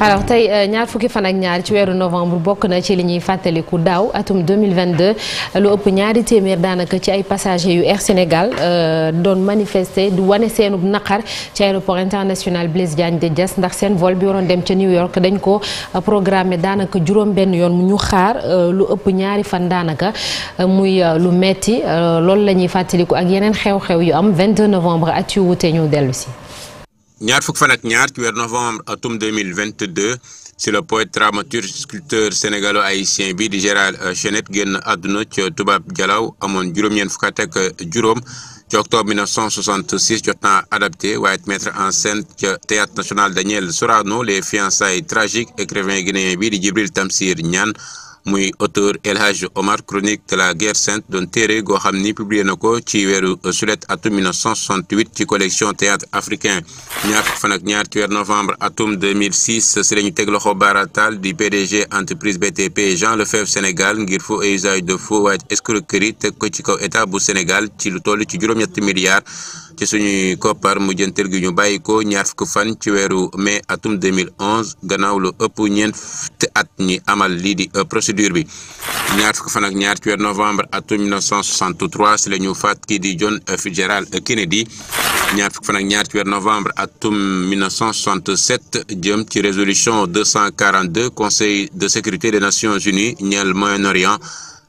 alors tey euh, ñaar fukki fan ak ñaar ci weeru novembre bokk na ci li ñuy fàttaliku daaw atum 2022 lu ëpp ñaari téeméer daanaka ci ay passagers yu Air Sénégal euh, doon manifester du wane seenub naqar ci aéroport international Blaise Diagne de Diass ndax seen vol bi waroon dem ca New York dañ ko euh, programmé daanaka juróom benn yoon mu ñu xaar lu ëpp ñaari fan daanaka muy lu metti loolu la ñuy fàttaliku ak yeneen xew-xew yu am 22 novembre at yu wute ñu dellu si ñaar fukk fan ak ñaar ci weer novembre atum 2022 si le poète dramaturge sculpteur sénégalo-haïtien bi di Gérald euh, Chenet genn àdduna ca tubaab jalaw amoon juróom-ñeent fukk ak juróom ci octobre 1966 jot na adapté waaye it mettre en scène ca théâtre national Daniel Sorano les fiançailles tragiques écrivain guinéen bi di Djibril Tamsir ñaan muy auteur El Omar chronique de la guerre sainte doon téere goo xam ni publié na ko ci weeru sulet atum 1968 ci collection théâtre africain ñaar fan ak ñaar ci weer novembre atum 2006 si lañu teg loxo baratal du PDG entreprise BTP Jean Lefebvre Sénégal ngir faux et usage de faux waaye escroquerie teg ko ci kaw état bu Sénégal ci lu toll ci juróom-ñetti milliards ci suñuy koppar mu jënteel gi ñu bàyyi ko ñaar ko fan ci weeru mai atum mille 2011 gannaaw lu ëpp ñeent at ñi amal lii di procédure bi ñaar fukk fan ak ñaar ci weeru novembre atum 1963 si la ñu faat kii di John Fitzgerald Kennedy ñaar fukk fan ak ñaar ci weeru novembre atum 1967 jëm ci résolution deux cent deux conseil de sécurité des nations unies ñeel Moyen-Orient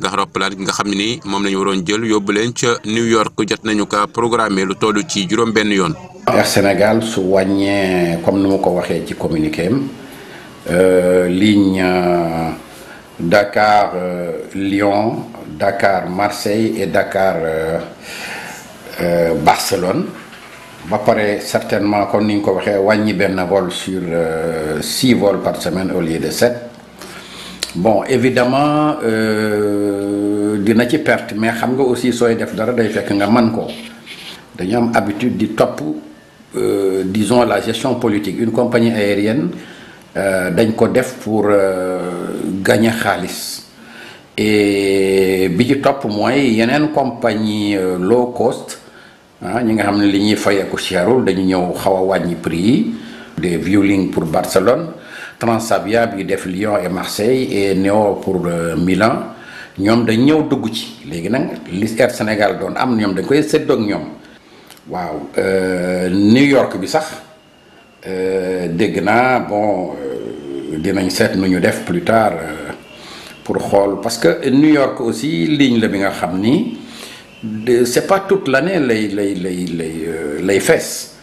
ndax roppalaan gi nga xam ni moom la ñu waroon jël yóbbu leen ca New York jot nañu ko programmé lu toll ci juróom-benn yoon. Air Sénégal su wàññee comme nu ma ko waxee ci communiqué am euh, ligne euh, Dakar euh, Lyon Dakar Marseille et Dakar Barcelone ba pare certainement comme ni ñu ko waxee wàññi benn vol sur six vols par semaine au lieu de sept. bon évidemment euh, dina ci perte mais xam nga aussi sooy def dara day fekk nga man ko dañu am habitude di topp euh, dison la gestion politique une compagnie aérienne euh, dañ ko def pour gagner xaalis et bi ci topp mooy yeneen compagnie low cost ah ñi nga xam ne li ñuy fayeeku cherul dañu ñëw xaw wàññi prix yi des Vueling pour Barcelone Transavia bi def Lyon et Marseille et Neo pour euh, Milan ñoom dañ ñëw dugg ci léegi nag li Air Sénégal doon am ñoom dañ koy séddoo ak ñoom waaw euh, New York bi sax euh, dégg naa bon dinañ seet nu ñu def plus tard pour xool parce que New York aussi ligne la bi nga xam ni c'est pas toute l'année lay lay lay lay lay fees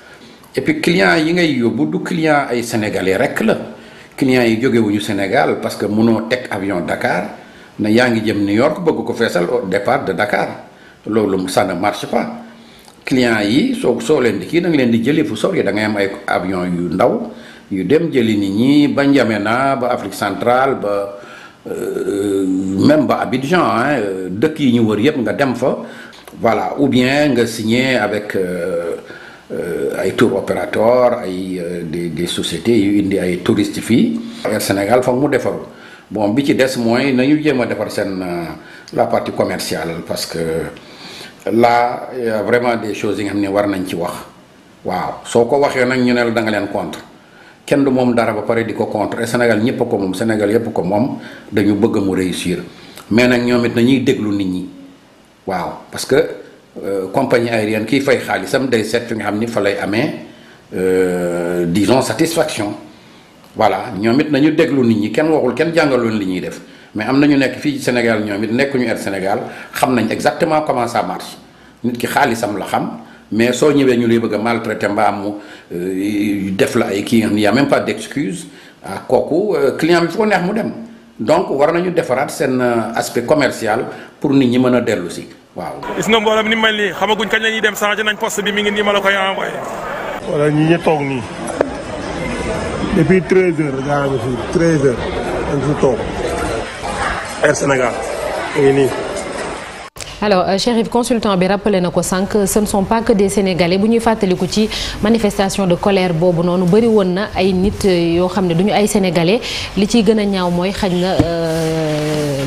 et puis client yi ngay yóbbu du client ay sénégalais rek la. clients yi jógewuñu Sénégal parce que mënoo teg avion Dakar na yaa ngi jëm New York bëgg ko feesal au départ de Dakar loolu ça marché marche pas yi soo soo leen di kii da nga leen di jëli fu sori da dangay am ay avion yu ndaw yu dem jëli nit ñi ba N'Djamena ba Afrique centrale ba euh, même ba Abidjan dëkk yi ñu wër yëpp nga dem fa voilà ou bien nga signer avec. Euh, Euh, ay tour opérateur ay euh, des des sociétés yu indi ay touristes fii. Air Sénégal foog mu defaru bon bi ci des mooy nañu jéem a defar seen euh, la partie commerciale parce que là y a vraiment des choses yi nga xam ne war nañ ci wax waaw soo ko waxee nag ñu ne la da leen contre. kenn du moom dara ba pare di ko contre Sénégal ñëpp ko moom Sénégal yëpp ko moom dañu bëgg mu réussir mais nag ñoom nañuy déglu nit ñi waaw parce que Euh, compagnie aérienne kii fay xaalisam day seet fi nga xam ni fa lay amee euh, disons satisfaction voilà ñoom it nañu déglu nit ñi kenn waxul kenn jàngaloon li ñuy def mais am na ñu nekk fii Sénégal ñoom it nekkuñu Air Sénégal xam nañ exactement comment ça marche nit ki xaalisam la xam mais soo ñëwee ñu luy bëgg a maltraité mbaa mu euh, def la ay kii y a même pas d'excuse ah kooku client bi foo neex mu dem donc war nañu defaraat seen aspect commercial pour nit ñi mën a dellu si. waaw. gis nga mbooloo mi ni xamaguñ kañ la dem changé nañ poste bi mi ngi nii ma la koy envoyé. wala ñi ñu toog nii depuis treize heures gaa ngi fi treize heures dañ toog Air Sénégal mi euh, bi rappelé na ko sànq ce ne sont pas bu ñuy fàttaliku ci manifestation de colère boobu noonu bëri woon na ay nit euh, yoo xam ne du ñu ay sénégalais li ciy gën a ñaaw mooy xaj na. Euh,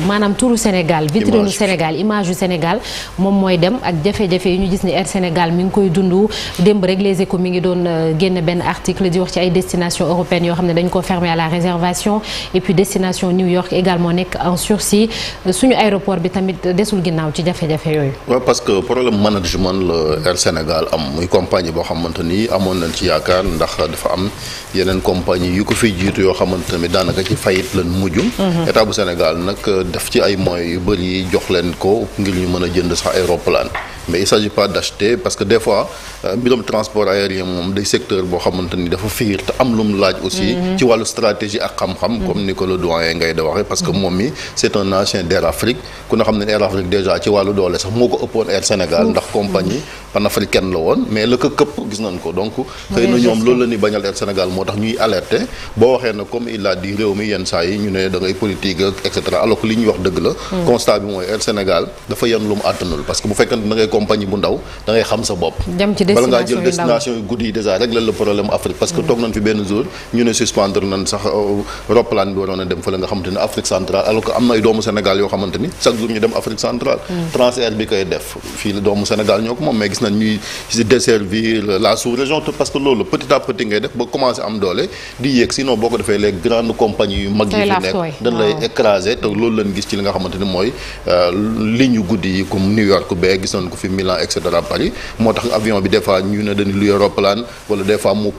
maanaam turu Sénégal vitrine Sénégal image yu Sénégal moom mooy dem ak jafe-jafe yi ñu gis ni Air Sénégal mi ngi koy dundu démb rek les échos mi ngi doon euh, génn benn article di wax ci ay destination européenne yoo xam ne dañ ko fermé à la réservation et puis destination New York également nekk en sursis suñu aéroport bi tamit desul ginnaaw ci jafe-jafe yooyu parce que problème management la Air Sénégal am muy compagnie boo xamante ni amoon na ci yaakaar ndax dafa am yeneen compagnie yu ko fiy jiitu yoo xamante ni daanaka ci fayit lañ mujj mhm. état bu Sénégal euh, def ci ay moyens yu yi jox leen ko ngir ñu mën a jënd sax ay roppalaan mais il s'agit pas d'acheter parce que des fois euh, mbiram transport aérien moom day secteur boo xamante dafa fiir te am lu mu laaj aussi mm-hmm. ci wàllu stratégie ak xam-xam comme mm-hmm. ni ko le doyen ngay da waxee parce que mm-hmm. moom mi c'est un d'Air Afrique ku na xam Air Afrique déjà ci wàllu doole sax moo ko ëppoon Air Sénégal ndax compagnie panafricaine la woon mais la ko këpp gis nañ ko donc xëy na ñoom loolu la ñuy bañal Air Sénégal moo tax ñuy alerter boo a compagnie bu ndaw da xam sa bopp bala ngaa jël destination yu guddi yi déjà rek la problème Afrique parce que toog nañ fi benn jour ñu ne suspendre nañ sax euh, roppalaan bi waroon a dem fële nga xamante Afrique centrale alors que am na doomu Sénégal yoo xamante chaque jour ñu dem Afrique centrale mm. transfert bi koy def fii la doomu Sénégal ñoo ko moom mais gis nañ ñuy desservir la sous-région parce que loolu petit à petit ngay def ba fi Milan et Paris moo tax avion bi des ñu ne dañu luy roppalaan wala des fois mu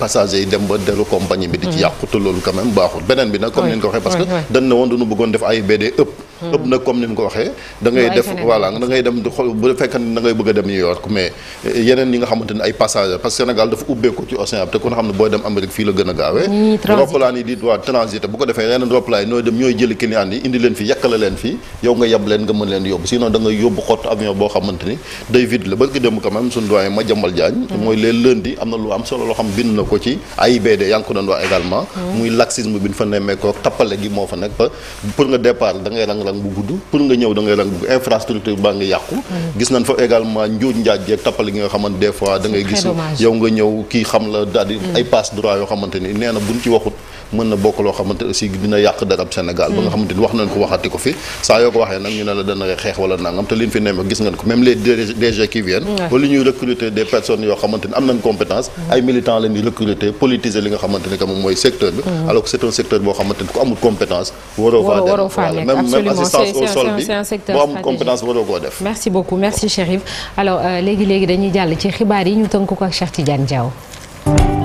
passager yi dem ba deru compagnie bi di ci mm-hmm. yàqu loolu quand même beneen bi nag comme ni ñu waxee parce que dañ ne woon bëggoon def AIBD ëpp ëpp nag comme ni mu ko waxee da def voilà da ngay dem xool bu fekkee ne da ngay dem York mais yeneen yi nga xamante ay passagers parce que Sénégal dafa ubbeeku ci océan bi te ku a gaawee roppalaan dem ñooy jëli client yi indi leen fi yàkkale leen fii yow nga yab leen nga mën leen yóbbu sinon da ngay yóbbu xott avion boo xamante ni day vide la dem quand même suñu ma jambal Diagne mm. mooy leen lundi am na lu am solo loo xam bind na ko ci rang bu gudd pour nga ñëw da rang bu infrastructure baa ngi yàqu mm-hmm. gis nañ fa également njuuj njaaj yeeg tappale gi nga xamante des fois da ngay nga ñëw kii xam la daal di mm-hmm. ay passe droit yoo xamante ni nee na ci waxut mën na bokk loo xamante aussi dina yàq darab Sénégal ba nga xamante wax nañ ko waxati ko fi saa yoo ko waxee nag ñu ne la dana xeex wala nangam te liñ fi nemme gis ngeen ko même les DG qui viennent wala ñuy recruter des personnes yoo xamante am nañ compétence ay militants la ñuy politiser li nga xamante ni mooy secteur bi alors c'est un secteur boo xamante ni amul compétence waroo faa dem même assistance au boo amul compétence euh, yi ñu tënk